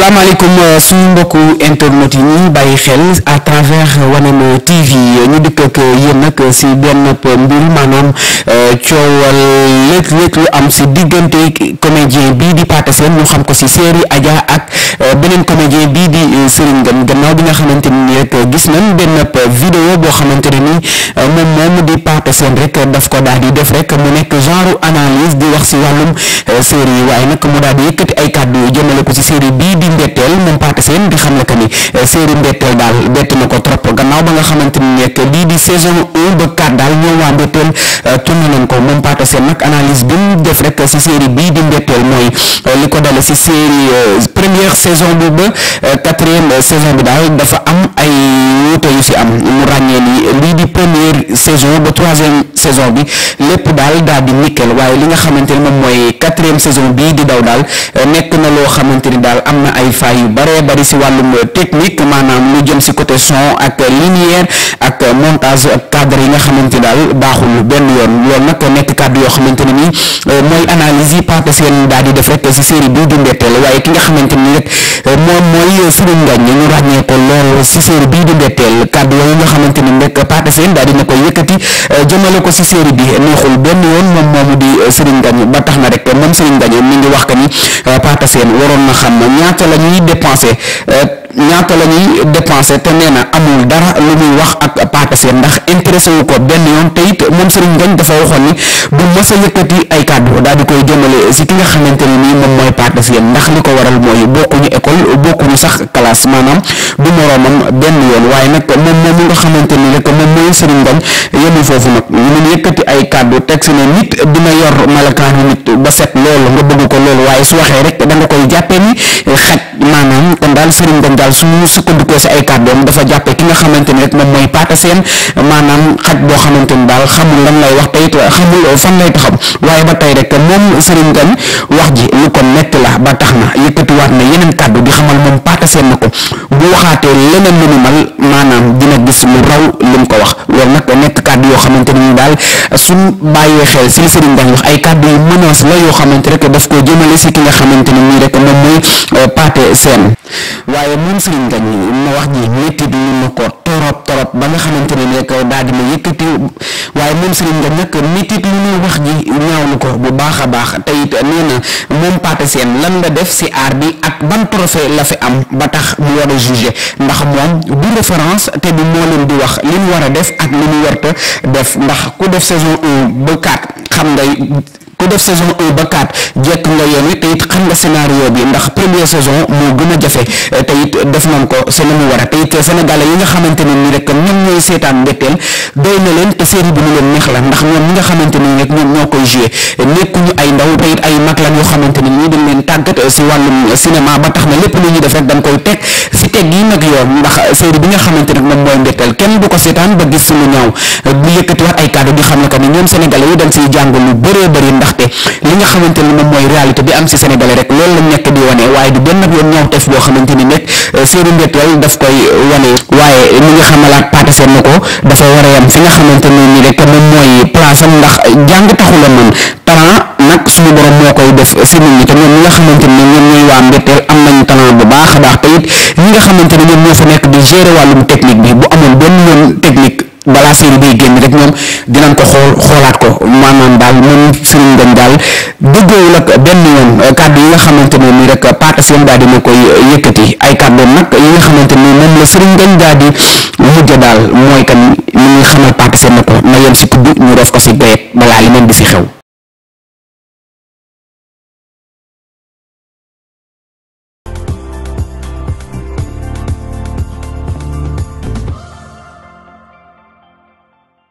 salaamaaleykum euh, suñu mbokku internet yi ñuy bàyyi xel à travers euh, Wanema TV ñu dikk ak euh, yéen nag si benn mbir maanaam coowal léeg léeg lu am si diggante comédien bii di Pathé seen ñu xam ko si série Adja ak beneen comédien bii di Serigne Ngane gannaaw bi nga xamante ni rek gis nañ benn vidéo boo xamante ne ni moom moom di Pathé seen rek daf ko daal di def rek mu nekk genre analyse di wax si wàllum série waaye nag mu daal di yëkkati ay kàddu jëmale ko si série bii di. mbetteel moom Pathé Sène di xam ne que ni eh, série mbetteel daal bett na ko trop gannaaw ba nga xamante ni nekk lii di saison un ba quatre daal ñoom waa mbetteel eh, tourné nañ ko moom Pathé Sène nag analyse bi mu def rek si série bii di mbetteel mooy eh, li ko dale si série première saison bi ba quatrième saison bi daal dafa am ay wute yu si am mu ràññee ni lii di première saison ba troisième saison bi lépp daal daal di nickel waaye li nga xamante ni moom mooy quatrième saison bii di daw daal euh, nekk na loo xamante ni daal am na ay failles yu bëree bëri si wàllum euh, technique maanaam lu jëm si côté son ak ak montage ak cadre yi nga xamante ni daal baaxul benn yoon loolu nag nekk kàddu yoo xamante ne nii euh, mooy analyse yi Pape Sène daal di def rek si série bii di Mbetteel waaye ki nga ràññee ko lool si série bii di Mbetteel ñeel kàddu yooyu nga xamante ni rek Pathé Sène daal dina koy yëkkati euh, jëmale ko si série bi neexul benn yoon moom moomu di euh, Serigne Ngagne ba tax na rek moom Serigne Ngagne mi ngi wax que ni euh, Pathé Sène waroon na xam ñaata la ñuy dépensé ñaata la ñuy dépensé te nee amul dara lu muy wax Pathé Sène ndax intéressé wu ko benn yoon te moom Serigne Ngagne dafa waxoon ni du mës yëkkati ay kàddu daal di koy jëmale si ki nga xamante ne nii moom mooy Pathé Sène ndax ko waral mooy bokkuñu école benn yoon waaye nag moom moom nga xamante ni rek moom mooy Serigne Ngagne yemul foofu nag ñu yëkkati ay kàddu teg si nit dina yor malakaanu nit ba set loolu nga bëgg ko loolu waaye su waxee rek da koy jàppee ni xaj. maanaam kon daal Serigne Ngom daal su sukkandikoo si ay kàddoom dafa jàppee ki nga xamante ni rek moom mooy Pathé Sène maanaam xaj boo xamante ni daal xamul lan lay wax te it xamul fan lay taxaw waaye ba tey rek moom Serigne Ngom wax ji lu ko metti la ba tax na yëkkatiwaat na yeneen kàddu di xamal moom Pathé Sène na ko. waxaatee leneen lu ni mal maanaam dina gis lu raw lu mu ko wax loolu nag nekk kàddu yoo xamante ni daal suñ bàyyee xel si li sëriñ daan wax ay kàddu yu menace la yoo xamante rek daf ko jëmale si ki nga xamante ni nii rek moom mooy euh, Pathé Sène waaye moom sëriñ Ngagne ma wax ji xamante ne rek daal di ma yëkkati waaye moom Serigne Ngom nag métit lu ñuy wax ji ñaawlu ko bu baax a baax tey it nee na moom Pathé Sène lan la def si aar bi ak ban trophée la fi am ba tax mu war a jugé ndax moom du référence te du moo leen di wax li ñu war a def ak li ñu warta def ndax ku def saison 1 ba 4 xam nga ko def saison 1 ba 4 jekk nga yéen te it xam nga scénario bi ndax première saison moo gën a jafe te it def nañ ko c'est mu war a te it yi nga xamante ne nii rek ñoom ñooy seetaan mbetteel na leen te série bi ñu leen neex la ndax ñoom ñi nga xamante ne rek ñoom ñoo koy joué nekkuñu ay ndaw te ay mag lan yoo xamante ne nii dañ leen tàggat eh, si wàllum cinéma ba tax na lépp lu ñuy def rek dañ koy teg teg yi nag yoon ndax série bi nga xamante ne moom mooy mbetteel kenn du ko seetaan ba gis lu ñaaw bu yëkkatiwaat ay kàddu di xam ne que ni ñoom sénégalais yi dañ siy jàng lu bëree bëri ndaxte li nga xamante ne moom mooy réalité bi am si sénégalais rek loolu nekk di wane waaye du benn yoon ñaaw tef boo xamante ni euh, nekk ko dafa war a yam fi nga xamante ni rek mooy place ndax jàng taxul a mën nag suñu borom moo koy def si nit ñi te ñoom ñi nga xamante ne ñoom ñooy waa mbetteel am nañ baax a baax te it ñi nga xamante ne ñoom ñoo fa nekk di gérer wàllum technique bi bu amoon benn yoon technique balaa série bi génn rek ñoom dinañ ko xool xoolaat ko maanaam daal moom Serigne Ngagne daal dëggoowul ak benn yoon kàddu yi nga xamante ne nii rek Pathé Sène daal dina koy yëkkati ay kàddoom nag yi nga xamante ni moom la Serigne Ngagne daal di mujj daal mooy kan ni ñuy xamal Pathé seen na ko na yem si kuddu ñu def ko si béyet balaa leneen di si xew.